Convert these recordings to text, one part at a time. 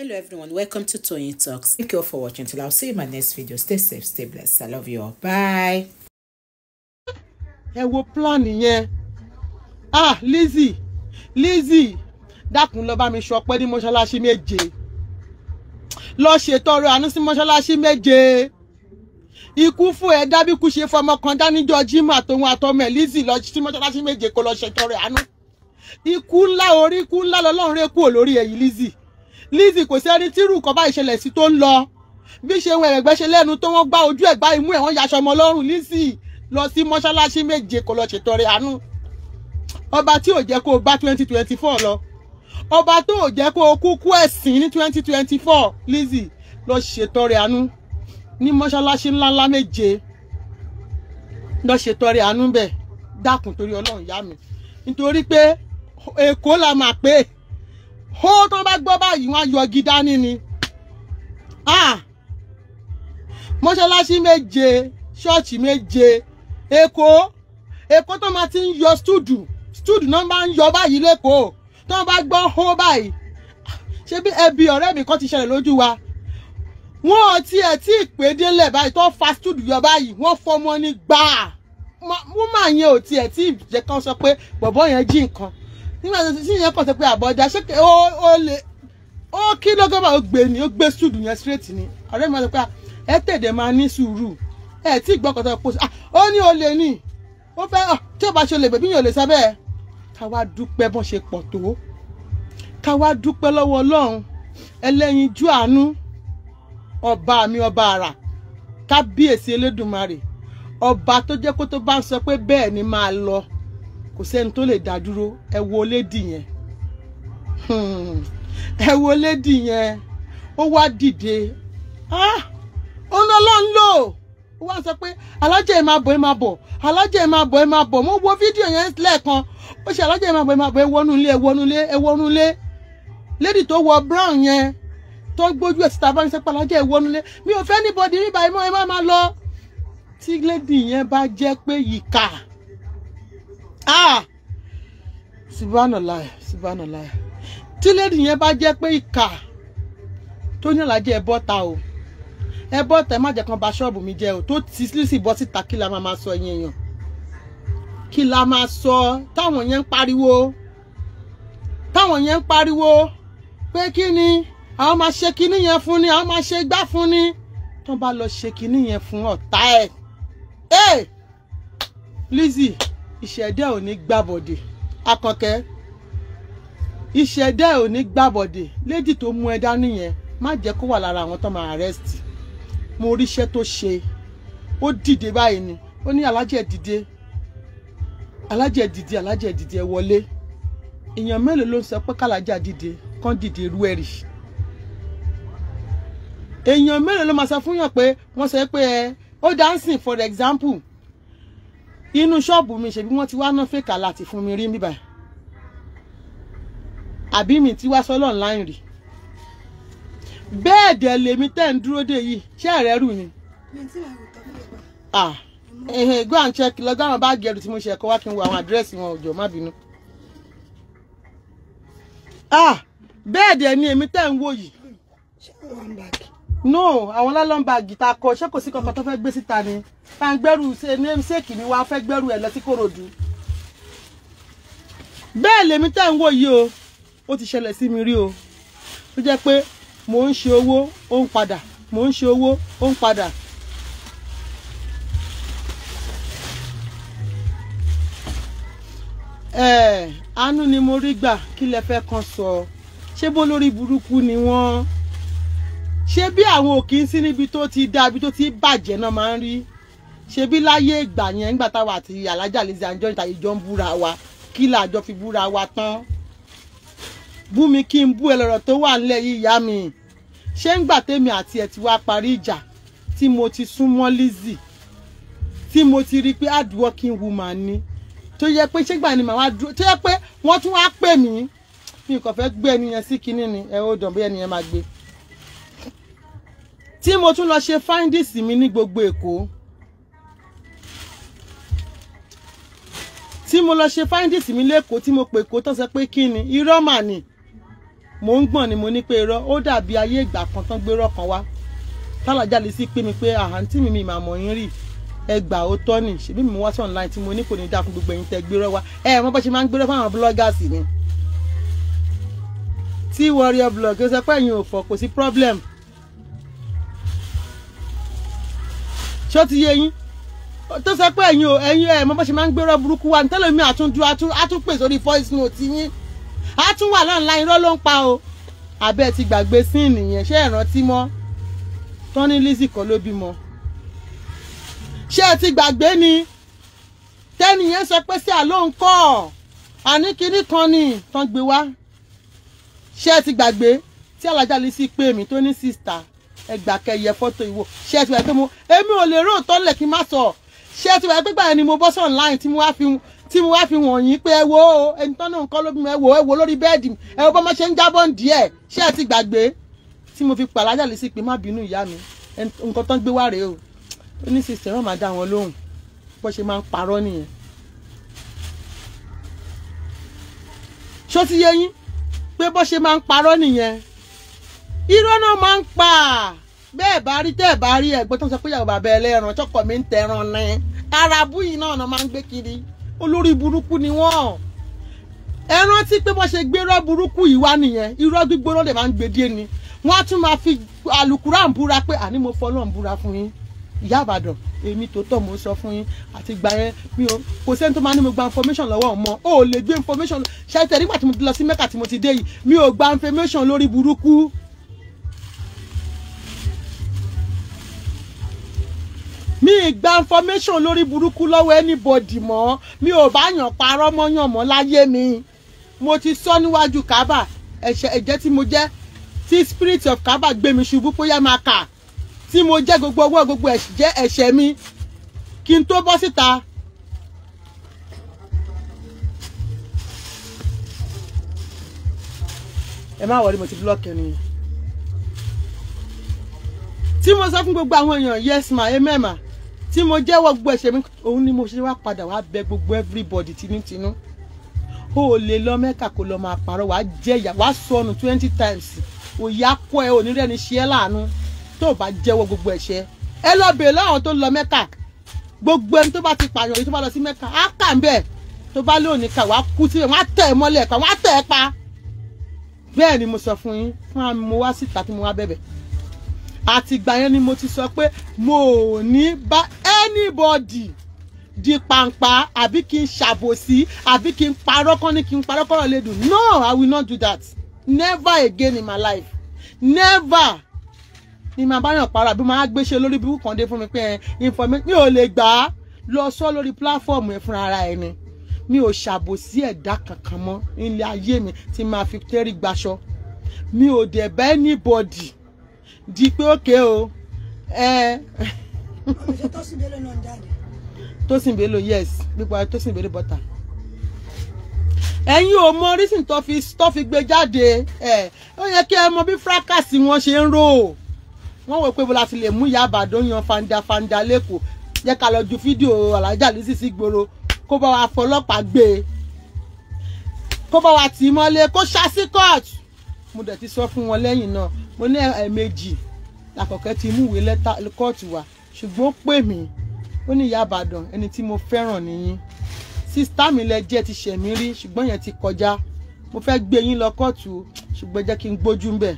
hello everyone welcome to Tony Talks thank you all for watching till i'll see you in my next video stay safe stay blessed i love you all bye. ẹ wo plan yẹn ah Lizzy Lizzy dákun lọ bá mi ṣọpẹ́ ní mọ́ṣáláṣí méje lọ ṣètọrọ àánú sí mọ́ṣáláṣí méje ikú fún ẹ dábìkú ṣe fọmọ kan dánijọ jimá tòun àtọmọ ẹ Lizzy lọ sí mọ́ṣáláṣí méje kó lọ ṣètọrọ àánú ikú ńlá orí ikú ńlá lọ́lọ́run rẹ kú olórí èyí Lizzy. Lizzy kò sí ẹni tí irú nǹkan bá ìṣẹ̀lẹ̀ sí tó ń lọ bí ṣe ń ẹ̀rẹ̀gbẹ́ ṣe lẹ́nu tó wọ́n gbá ojú ẹ̀ gbá imú ẹ̀ wọ́n yaṣọ ọmọ lọ́rùn Lizzy lọ sí mọ́ṣáláṣí méje kó lọ ṣètọrẹ àánú ọba tí ò jẹ́ kó o bá twenty twenty four lọ ọba tó ò jẹ́ kó o kúkú ẹ̀sìn ní twenty twenty four Lizzy lọ ṣètọrẹ àánú ní mọ́ṣáláṣí ńláńlá méje lọ ṣètọrẹ àánú bẹ̀ dákun torí ọlọ́run yá mi nítorí pé èkó la máa pé hó tán bá gbọ́ báyìí wọ́n á yọ gidá níní ah! mọ́ṣáláṣí méje ṣọ́ọ̀ṣì méje èkó èkó tó máa ti ń yọ stúdù stúdù náà máa ń yọ báyìí lẹ́kọ̀ọ́ tó bá gbọ́ hó báyìí ṣé bí ẹbí ọ̀rẹ́ mi kan ti ṣẹlẹ̀ lójú wa wọn ò tiẹ̀ tí ì pé délẹ̀ báyìí tó fa stúdù yọ báyìí wọ́n fọmọ ní gbà wọ́n máa yẹn ò tiẹ̀ tí ì jẹ́ kán sọ pé bọ̀bọ́ yẹn jí nǹkan nígbà tó ṣe yẹn kàn sọ pé àbọ̀dá ṣé ó ó lè ó kí ló gbọ́ bá ó gbé ni ó gbé sùdù yẹn straight ni ọ̀rẹ́ mi sọ pé ẹ tẹ̀dẹ̀ máa ní sùúrù ẹ tí ì gbọ́kọ̀tọ̀ pọ̀ sí ó ní o lè ní ó fẹ́ tí ó bá ṣe olè bèbí yẹn ò lè sábẹ́ ká wá dúpẹ́ bọ́n ṣe pọ̀ tó ká wá dúpẹ́ lọ́wọ́ ọlọ́run ẹlẹ́yinjú àánú ọba mi ọba àrà kábíyèsí elédùnmarè ọba tó jẹ́ kó tó bá ń sọ pé bẹ́ẹ̀ ni máa lọ kò sẹ́ni tó lè dá dúró ẹ wo lédì yẹn hmm. ẹ wo lédì yẹn ó wá dìde ah! ó ná lọ́n lò ó wá sọ pé alájà ẹ máa bọ̀ ẹ máa bọ̀ alájà ẹ máa bọ̀ ẹ máa bọ̀ mo wo fídíò yẹn lẹ́ẹ̀kan ó ṣe alájà ẹ máa bọ̀ ẹ máa bọ̀ ẹ wọnú ilé ẹ wọnú ilé ẹ wọnú ilé lédì tó wọ brown yẹn tó gbójú ẹ̀ síta bá ń sẹ́pà alájà ẹ wọnú ilé mi ò fẹ́ anybody rí báyìí mọ́ ẹ má máa lọ tí lédì yẹn bá jẹ́ pé yìí kà á ah subhanallah subhanallah tí lẹ́dí yẹn bá jẹ́ pé ìkà tó yàn lájẹ́ ẹ bọ́ta o ẹ bọ́ta ẹ má jẹ́ kan bà ṣọ́ọ̀bù mi jẹ́ o tó ti sí bọ́ síta kí la máa máa sọ yẹn yàn kí la máa sọ táwọn yẹn ń pariwo táwọn yẹn ń pariwo pé kí ni àwọn máa ṣe kinní yẹn fún ni àwọn máa ṣe gbá fún ni tó bá lọ ṣe kinní yẹn fún ọ̀tá ẹ̀ ẹ̀ Lizzie ìṣẹ̀dá ò ní gbàbọ̀dè akọ̀kẹ́ ìṣẹ̀dá ò ní gbàbọ̀dè lédì tó mú ẹ dání yẹn má jẹ́ kó wà lára àwọn tó máa arrest mo ríṣẹ́ tó ṣe ó dìde báyìí ni ó ní alájẹ dìde alájẹ dìde alájẹ dìde ẹ wọlé èèyàn mélòó ló ń sọ pé kálájà dìde kán dìde irú ẹ̀rì èèyàn mélòó ló máa sọ fún yàn pé wọ́n sọ pé ẹ ó dáńsìn for example inú ṣọ́ọ̀bù mi ṣebí wọ́n ti wá ná fèkà láti fún mi rí mi báyìí àbí mi ti wá sọ́lọ̀ láì rí bẹ́ẹ̀ dẹ̀ lèmi tẹ́ ń dúró dé yìí ṣé ẹ̀rẹ́ rù ni. ah ehe go and check lọ gbàwọn báàgì ẹrù tí mo ṣe ẹkọ wá kí n wo àwọn àdírẹ́sì wọn òjò má bínú. ah bẹ́ẹ̀ dẹ̀ ni èmi tẹ́ ń wò yìí no àwọn lálọ́mbà gìtá kọ ṣé kò sí kankan tó fẹ́ gbé síta ni bá ń gbẹ́rù ṣéèkì ni wàá fẹ́ gbẹ́rù ẹ̀ lọ sí korodu bẹ́ẹ̀ lèmi tẹ́ ń wò yìí o ó ti ṣẹlẹ̀ sí mi rí o ó jẹ́ pé mò ń ṣe owó ó ń padà mò ń ṣe owó ó ń padà àánú ni mo rí gbà kí lẹ fẹ́ kan sọ ṣé bó lórí burúkú ni wọ́n ṣé bí àwọn òkì ń sí níbi tó ti dá ibi tó ti bàjẹ́ náà máa ń rí ṣé bí láyé ìgbà yẹn nígbà táwa àti alájà lè ṣe àjọ ìtàyè jọ ń búra wa kí làjọ fi búra wa tán bú mi kí n bú ẹ lọ́rọ̀ tó wà nílẹ̀ yìí ìyá mi ṣé ń gbà tèmi àti ẹ̀ ti wá parí ìjà tí mo ti sún Lizzy tí mo ti rí i pé hard working woman ni tó yẹ pé ṣégbà ni màá dúró tó yẹ pé wọ́n tún wá pè mí mi kò fẹ́ gbé ẹni yẹn sí kinní ni ẹ ó dàn bí ẹni yẹn máa gbé tí mo tún lọ ṣe findings mi ní gbogbo èkó tí mo lọ ṣe findings mi lẹ́kọ̀ọ́ tí mo pè kó tó sọ pé kí ni irọ́ mà ni mò ń gbọ̀n ni mo ní pé irọ́ ó dàbí ayé ìgbà kan tán gbérọ́ kan wá tálàjà sí pé mi pé ah, àǹtí mi mi màmọ́ yín rí ẹgbà ó tọ́ ni ṣèbí mi wá sí online tí mo ní kò ní dáa fún gbogbo ẹ̀yin tẹ́ gbérọ́ wá ẹ mọ̀ bá ṣe máa ń gbérọ́ fáwọn bloggers ni tí warrior blog ó sọ pé ẹ̀yin ò fọ́ kò sí problem ṣó ti yé yín tó sọ pé ẹ̀yin o ẹ̀yin ẹ̀ mọ bó ṣe máa ń gbérọ́ burúkú wa nítẹ́lẹ̀ mi àtúndú àtúpè sórí voice note yín á tún wà láǹlá irọ́ ló ń pa o àbẹ́ ti gbàgbé sí ìnìyẹn ṣé ẹ rántí mọ́ tọ́ni Lizzy kọ́ ló bímọ ṣé ẹ ti gbàgbé ni tẹ́nìyẹn sọ pé sí àlọ́ kọ́ àní kinní kan ni tán gbé wá ṣé ẹ ti gbàgbé tí alájà Lizzy pè mí tó ní sister ẹgbà kẹyẹ fọ́tò ìwò ṣé ẹ ti wá pé mo èmi ò lè róòtọ́ lẹ̀ kí n má sọ ṣé ẹ ti wá pé gbà ni mo bọ́ sí online tí mo wá fi tí mo wá fi wọ̀n yín pé ẹ wo ẹni tán náà nǹkan lóbi mi ẹ wo ẹ wo lórí bẹ́ẹ̀dì ẹ wo bọ́ mọ́ ṣe ń jábọ̀ díẹ̀ ṣé ẹ ti gbàgbé tí mo fi pàlájà lè sí pé má bínú ìyá mi nǹkan tán gbé wá rèé o ó ní sísè wọn máa dá wọn lóhùn bó ṣe máa ń parọ́ nìyẹn. ṣó ti yé yín pé bó ṣe máa ń parọ́ nìyẹn irọ́ náà máa ń pa bẹ́ẹ̀ bá rí tẹ́ẹ̀ bá rí ẹ̀gbọ́n tó ń sọ pé ìyàwó bàbá ẹlẹ́ran tọkọ mi ń tẹran ní arabu yìí náà máa ń gbé kiri olórí burúkú ni wọ́n ẹ rántí pé wọ́n ṣe gbé irọ́ burúkú yìí wá nìyẹn irọ́ gbígbóná lè máa ń gbèdé ni wọ́n á tún máa fi àlùkùrán búra pé àní mo fọlọ́n búra fún yín ìyá àbàdàn èmi tó tọ̀ mo sọ fún yín àti gbà yẹn mi ò kò sẹ́ni tó máa ní mo gba information lọ́wọ́ mọ́ o ò lè gbé information ṣe tẹ̀ nígbà tí mo lọ sí mẹ́kà tí mo ti dé yìí mi ò gba information lórí burúkú mi ìgbà information lórí burúkú lọ́wọ́ anybody mọ́ mi ò bá yàn parọ́ mọ́ yàn mọ́ láyé mi mo ti sọ níwájú kábà ẹ̀ṣẹ̀ ẹ̀jẹ̀ tí mo jẹ́ tí spirit of kábà gbé mi ṣubú bóyá máa kà tí mo jẹ́ gbogbo owó gbogbo ẹ̀jẹ̀ ẹ̀ṣẹ̀ mi kí n tó bọ́ síta ẹ má wọlé mo ti búlọ́ọ̀kì ẹni tí mo sọ fún gbogbo àwọn èèyàn yes ma amen ma tí mo jẹ́wọ́ gbogbo ẹ̀ṣẹ̀ mi òun ni mo ṣe wá padà wá bẹ gbogbo everybody tinútinú o lè lọ mẹ́kà kó lọ máa parọ́ wàá jẹ̀yà wàá sọnù twenty times òyà kọ́ ẹ onírẹ́ni ṣe é láàánú tó o bá jẹ́wọ́ gbogbo ẹ̀ṣẹ̀ ẹ lọ bèèrè láwọn tó lọ mẹ́kà gbogbo ẹni tó bá ti pààyàn èyí tó bá lọ sí mẹ́kà á kà ń bẹ̀ tó bá lóun ní ká wàá kú síbẹ̀ wọ́n á tẹ̀ ẹ́ mọ́lẹ̀ pa wọ́n á tẹ̀ ẹ́ pa bẹ́ẹ̀ ni mo sọ fún yín fún àmì mo wá síta tí mo wá bẹ̀bẹ̀ àtìgbà yẹn ni mo ti sọ pé mo ò ní bá anybody di pàǹpà àbí kí n ṣàbòsí àbí kí n parọ́ kán ní kí n parọ́ kọ́rọ̀ lè no i will not do that never again in my life never ni màá bá yàn parọ́ àbí màá gbéṣẹ́ lórí bíbú kan dé fún mi pé eh, information mi ò lè gbà á lọ sọ lórí pílàfọ́ọ̀mù ẹ̀ fúnra ara ẹ̀ ni mi ò ṣàbòsí ẹ̀dá kankan mọ́ nílé ayé mi tí màá fi tẹ́rí gbaṣọ mi ò dẹ̀ bá anybody di pé ókè o ẹ. Eh, Tosin Bello yes pípa Tosin Bello bọ́tà ẹ̀yin ò mọ reason tó fi tó fi gbé jáde ẹ̀ ó yẹ kí ẹ mọ bí fracas wọn ṣe ń rò ó wọ́n wò pé bó la ti lè mú ìyá àbàdàn yan fanda fanda lẹ́kọ̀ọ́ jẹ́ ká lọ ju fídíò alájà lè sísí gbòòrò kó bá wa fọlọ́pàá gbé e kó bá wa tì í mọ́lé kó ṣáṣí court mo dẹ̀ ti sọ fún wọn lẹ́yìn náà mo ní ẹ̀ẹ̀mejì làkọ̀kẹ́ ti mú ìwé lẹ́tà kóòtù wa ṣùgbọ́n ó pè mí ó ní ìyá àbàdàn ẹni tí mo fẹ́ràn nìyí sísítà mi lẹ jẹ́ ti ṣẹ̀mí rí ṣùgbọ́n yẹn ti kọjá mo fẹ́ gbé yín lọ kóòtù ṣùgbọ́n ẹ jẹ́ kí n gbójú ńbẹ̀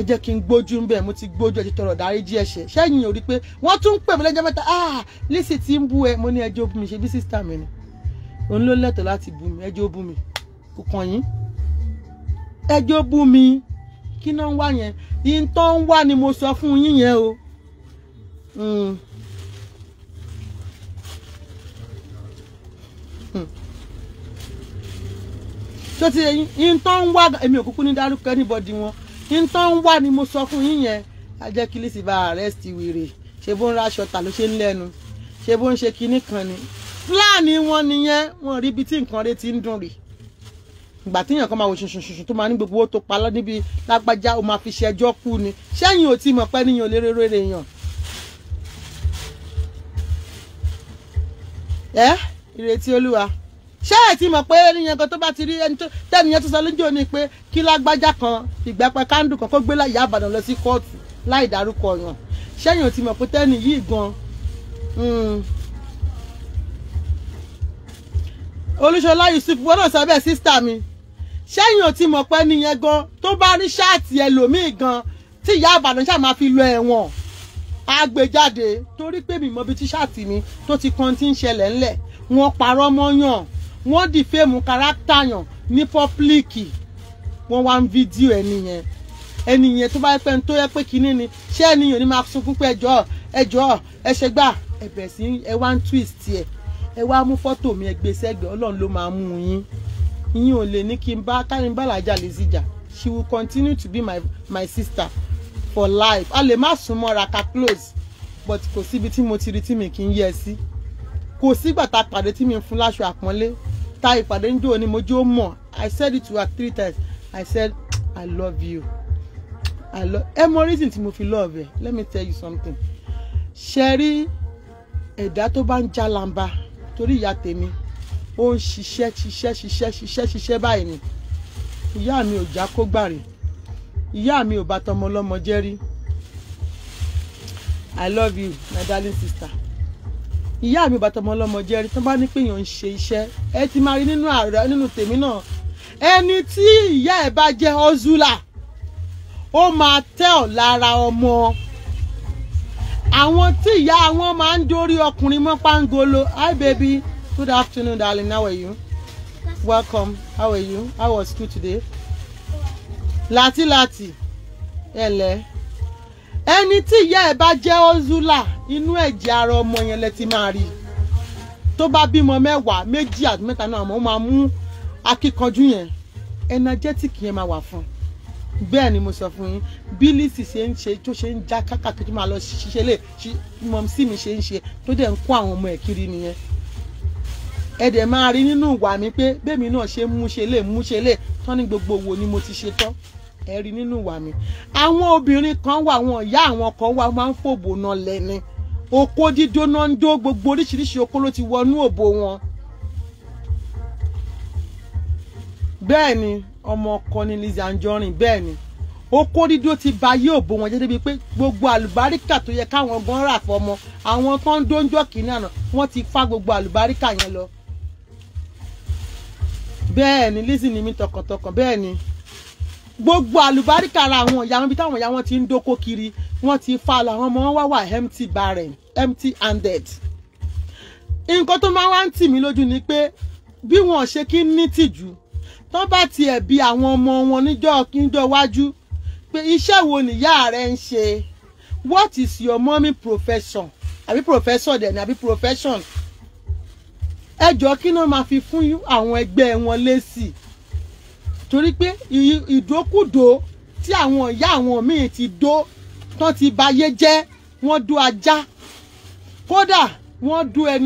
ẹ jẹ́ kí n gbójú ńbẹ̀ mo ti gbójú ẹ ti tọrọ dáríjì ẹ̀ṣẹ̀ ṣẹ́yìn ò rí pé wọ́n tún ń pè mí lẹ́jọ́ mẹ́ta ah Lizzy ti ń bú ẹ mo ní ẹjọ́ bú mi ṣe bí sísítà mi ni òun ló lẹ́tọ̀ọ́ láti bú mi ẹjọ́ bú mi kò kàn yín ẹjọ́ bú mi kí náà ń wá yẹn yín ń wá ni mo sọ fún yín yẹn o Mm. tó hmm. ti yín tó ń wá èmi òkúkú ní dárúkọ anybody wọn yín tó ń wá ni mo sọ fún yín yẹn ajẹ́ kí lisi bá arrest wèrè ṣe bó ń raṣọ tà ló ṣe ń lẹ́nu ṣe bó ń ṣe kinní kan ni fúlàní wọn nìyẹn wọn rí ibi tí nǹkan rẹ ti ń dùn rè ìgbà tíyàn kan máa wò ṣùṣùṣùṣù tó máa ní gbogbo owó tó pa lọ níbi lágbájá ó máa fi ṣẹjọ́ kú ni ṣẹ́yìn ò tí mọ̀ pé níyàn lérèrè èèyàn ẹ ìrètí olúwa ṣé ẹ ti mọ̀ pé ẹnìyẹn kan tó bá ti rí ẹni tó tẹ́niyẹn tó sọ lójú òní pé kí lágbájá kan ìgbẹ́pẹ́ kándù kan kó gbé láyà àbàdàn lọ sí kóòtù láì dárúkọ yàn ṣẹ́yìn ò ti mọ̀ pé tẹ́ni yìí gan hmm. olúṣọlá yusuf wọn náà sọ bẹ́ẹ̀ sísítà mi ṣẹ́yìn ò ti mọ̀ pé ẹnìyẹn gan tó bá ní ṣáàtì ẹlòmíì gan tí ìyá àbàdàn ṣáà máa fi lọ ẹ̀wọ̀n á gbé jáde torí pé mi mọ bí tíṣàtì mi tó ti kan ti ń ṣẹlẹ̀ ńlẹ̀ wọ́n parọ́ mọ́yàn wọ́n dì fèmù kárátà yàn ní pọ́pílìkì wọ́n wá ń fídíò ẹni yẹn ẹni yẹn tó bá yẹ pé ń tó yẹ pé kínní ni ṣé ẹni yẹn ni máa sunkún pé ẹjọ́ ẹjọ́ ẹ ṣe gbà ẹ̀bẹ̀ sí ẹ wá ń twist ẹ ẹ wá mú fọ́tò mi ẹ gbé sẹ́gbẹ̀ẹ́ ọlọ́run ló máa mú yín yín ò lè ní kí n bá kárí ń bá làjà lè zìjà she will continue to be my my sister for life a lè má sún mọ́ra ká close but kò síbi tí mo ti rí tí mi kì í yẹ sí kò sígbà tá a pàdé tí mi ń fún láṣọ àpọ́nlé ta ìpàdé ń dùn ni mo jó mọ̀ i said it to her three times i said i love you i love ẹ mọ reason tí mo fi love ẹ let me tell you something ṣe rí ẹ̀dá tó bá ń já lamba torí ìyá tèmi ó ń ṣiṣẹ́ ṣiṣẹ́ ṣiṣẹ́ ṣiṣẹ́ ṣiṣẹ́ báyìí ni ìyá mi ò já kó gbàrè ìyá mi ò bá tọmọ ọlọ́mọ jẹ́ rí i love you my darling sister ìyá mi ò bá tọmọ ọlọ́mọ jẹ́ rí tó bá ní pé èèyàn ń ṣe iṣẹ́ ẹ ti máa rí nínú ààrẹ nínú tèmi náà ẹni tí ìyá ẹ bá jẹ́ ọ́zúlà ó máa tẹ́ ọ̀ lára ọmọ àwọn tí ìyá wọn máa ń dórí ọkùnrin mọ́ pangolo hi baby good afternoon darling how are you welcome how are you how was school today làtìlàtì ẹ̀lẹ́ ẹni tí ìyá ẹ̀ bá jẹ́ ozula inú ẹ̀jẹ̀ ara ọmọ yẹn lẹ ti máa rí i tó bá bímọ mẹ́wàá méjì àti mẹ́ta náà àmọ́ máa mú akíkanjú yẹn energetic yẹn máa wà fún un bẹ́ẹ̀ ni mo sọ fún yín bí Lizzy ṣe ń ṣe tó ṣe ń já kákàkiri tó máa lọ ṣiṣẹ́ lè mọ̀ sí mi ṣe ń ṣe tó dẹ̀ ń kó àwọn ọmọ ẹ̀ kiri nìyẹn ẹ dẹ̀ máa rí nínú ìwà mi pé bẹ́ẹ̀mi náà ṣe mú ṣe lè mú ṣe lè tán ní gbogbo wo ni mo ti ṣe tán ẹ rí nínú ìwà mi. àwọn obìnrin kan wà àwọn ìyá àwọn kan wà máa ń fòbò náà lẹ́ni okó dídóná ń dó gbogbo oríṣiríṣi okó ló ti wọnú òbò wọn. bẹ́ẹ̀ ni ọmọ ọkọ ni Lizzy Anjorin bẹ́ẹ̀ ni okó dídó ti ba ayé òbò wọn jẹ́ débi pé gbogbo àlùbáríkà tó yẹ káwọn gan rà fọmọ àwọn tó ń dóńjọ́ kìnìún àná wọ́n ti fá gbogbo àlùbáríkà yẹn lọ bẹ́ẹ̀ ni Lizzy ni mí tọkàntọkàn bẹ́ẹ̀ ni gbogbo àlùbáríkà ara àwọn ìyá wọn ibi táwọn ìyá wọn ti ń dóko kiri wọn ti fa làwọn ọmọ wọn wá wà empty barren empty handed nǹkan tó máa wá ń tì mí lójú ni pé bí wọn ṣe kí ń ní tìjú tó bá tiẹ̀ bi àwọn ọmọ wọn níjọ́ níjọ́ iwájú pé iṣẹ́ wo nìyá rẹ̀ ń ṣe what is your mommy profession àbí professor dẹ̀ ni àbí profession ẹ jọ̀ọ́ kí náà máa fi fún àwọn ẹgbẹ́ wọn lésì torí pé ìdókùdó tí àwọn ìyá àwọn míì ti dó tán ti bayé jẹ́ wọ́n dó ajá kódà wọ́n dó ẹni.